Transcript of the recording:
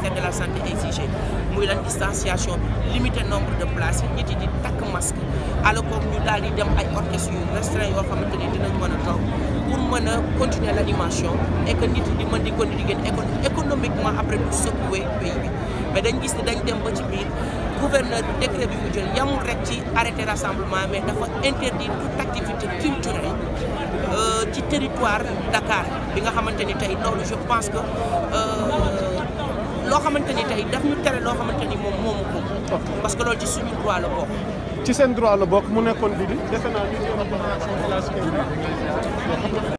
ministère de la santé exigé muy lan distanciation bi limiter nombre de places yi ñetti di takk masque alors que ñu daal di dem ay orchestre yu restreint yoo xamante ni dinañ mën a toog pour mën a continuer l' animation et que nit yi di mën di continuer di économiquement après du secouer pays bi mais dañ gis ni dañ dem ba ci biir gouverneur bi décret bi mu jël yamul rek ci arrêté rassemblement mais dafa interdire toute activité culturelle euh, ci territoire Dakar bi nga xamante ni tey loolu je pense euh, loo xamante ni tey daf ñu tere loo xamante ni moom moomu ko. parce que loolu ci suñu droit la bokk. ci seen droit la bokk mu nekkoon bi di defe naa ñu